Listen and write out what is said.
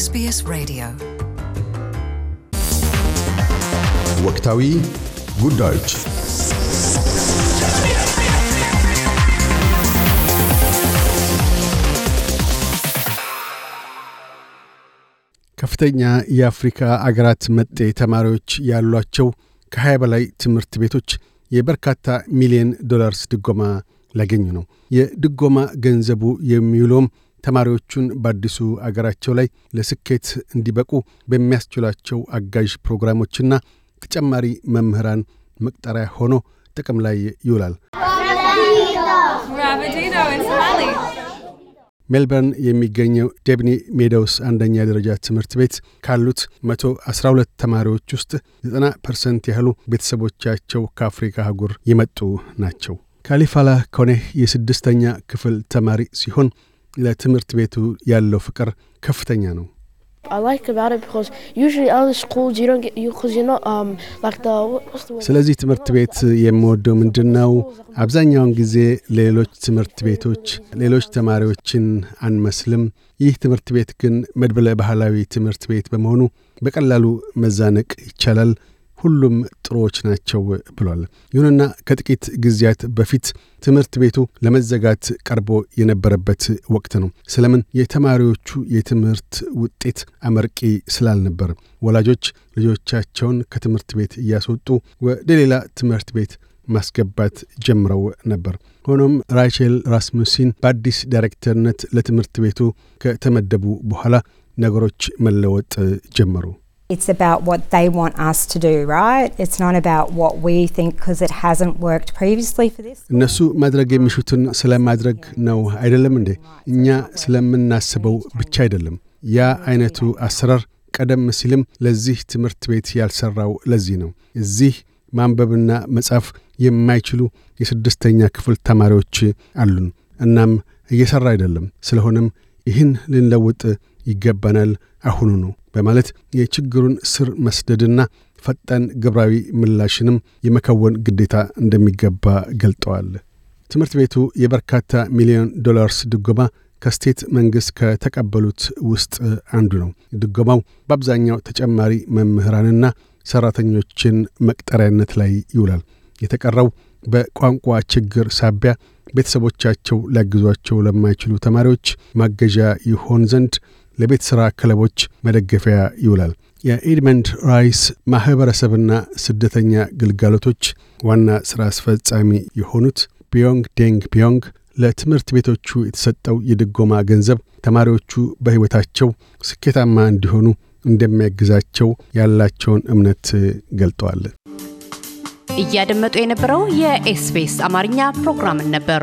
ኤስቢኤስ ሬዲዮ ወቅታዊ ጉዳዮች ከፍተኛ የአፍሪካ አገራት መጤ ተማሪዎች ያሏቸው ከ20 በላይ ትምህርት ቤቶች የበርካታ ሚሊዮን ዶላርስ ድጎማ ሊያገኙ ነው። የድጎማ ገንዘቡ የሚውለውም ተማሪዎቹን በአዲሱ አገራቸው ላይ ለስኬት እንዲበቁ በሚያስችሏቸው አጋዥ ፕሮግራሞችና ተጨማሪ መምህራን መቅጠሪያ ሆኖ ጥቅም ላይ ይውላል። ሜልበርን የሚገኘው ዴብኒ ሜዳውስ አንደኛ ደረጃ ትምህርት ቤት ካሉት 112 ተማሪዎች ውስጥ 90 ፐርሰንት ያህሉ ቤተሰቦቻቸው ከአፍሪካ አህጉር የመጡ ናቸው። ካሊፋላ ኮኔህ የስድስተኛ ክፍል ተማሪ ሲሆን ለትምህርት ቤቱ ያለው ፍቅር ከፍተኛ ነው። um, ስለዚህ ትምህርት ቤት የምወደው ምንድን ነው? አብዛኛውን ጊዜ ሌሎች ትምህርት ቤቶች ሌሎች ተማሪዎችን አንመስልም። ይህ ትምህርት ቤት ግን መድበለ ባህላዊ ትምህርት ቤት በመሆኑ በቀላሉ መዛነቅ ይቻላል። ሁሉም ጥሩዎች ናቸው ብሏል። ይሁንና ከጥቂት ጊዜያት በፊት ትምህርት ቤቱ ለመዘጋት ቀርቦ የነበረበት ወቅት ነው። ስለምን የተማሪዎቹ የትምህርት ውጤት አመርቂ ስላልነበር ወላጆች ልጆቻቸውን ከትምህርት ቤት እያስወጡ ወደ ሌላ ትምህርት ቤት ማስገባት ጀምረው ነበር። ሆኖም ራይቼል ራስሙሲን በአዲስ ዳይሬክተርነት ለትምህርት ቤቱ ከተመደቡ በኋላ ነገሮች መለወጥ ጀመሩ። it's about what they want us to do, right? It's not about what we think because it hasn't worked previously for this. እነሱ ማድረግ የሚሹትን ስለማድረግ ነው አይደለም እንዴ? እኛ ስለምናስበው ብቻ አይደለም። ያ አይነቱ አሰራር ቀደም ሲልም ለዚህ ትምህርት ቤት ያልሰራው ለዚህ ነው። እዚህ ማንበብና መጻፍ የማይችሉ የስድስተኛ ክፍል ተማሪዎች አሉን። እናም እየሰራ አይደለም። ስለሆነም ይህን ልንለውጥ ይገባናል አሁኑ ነው። በማለት የችግሩን ስር መስደድና ፈጣን ግብራዊ ምላሽንም የመከወን ግዴታ እንደሚገባ ገልጠዋል። ትምህርት ቤቱ የበርካታ ሚሊዮን ዶላርስ ድጎማ ከስቴት መንግሥት ከተቀበሉት ውስጥ አንዱ ነው። ድጎማው በአብዛኛው ተጨማሪ መምህራንና ሠራተኞችን መቅጠሪያነት ላይ ይውላል። የተቀረው በቋንቋ ችግር ሳቢያ ቤተሰቦቻቸው ሊያግዟቸው ለማይችሉ ተማሪዎች ማገዣ ይሆን ዘንድ ለቤት ሥራ ክለቦች መደገፊያ ይውላል። የኤድመንድ ራይስ ማኅበረሰብና ስደተኛ ግልጋሎቶች ዋና ሥራ አስፈጻሚ የሆኑት ቢዮንግ ዴንግ ቢዮንግ ለትምህርት ቤቶቹ የተሰጠው የድጎማ ገንዘብ ተማሪዎቹ በሕይወታቸው ስኬታማ እንዲሆኑ እንደሚያግዛቸው ያላቸውን እምነት ገልጠዋል። እያደመጡ የነበረው የኤስቢኤስ አማርኛ ፕሮግራምን ነበር።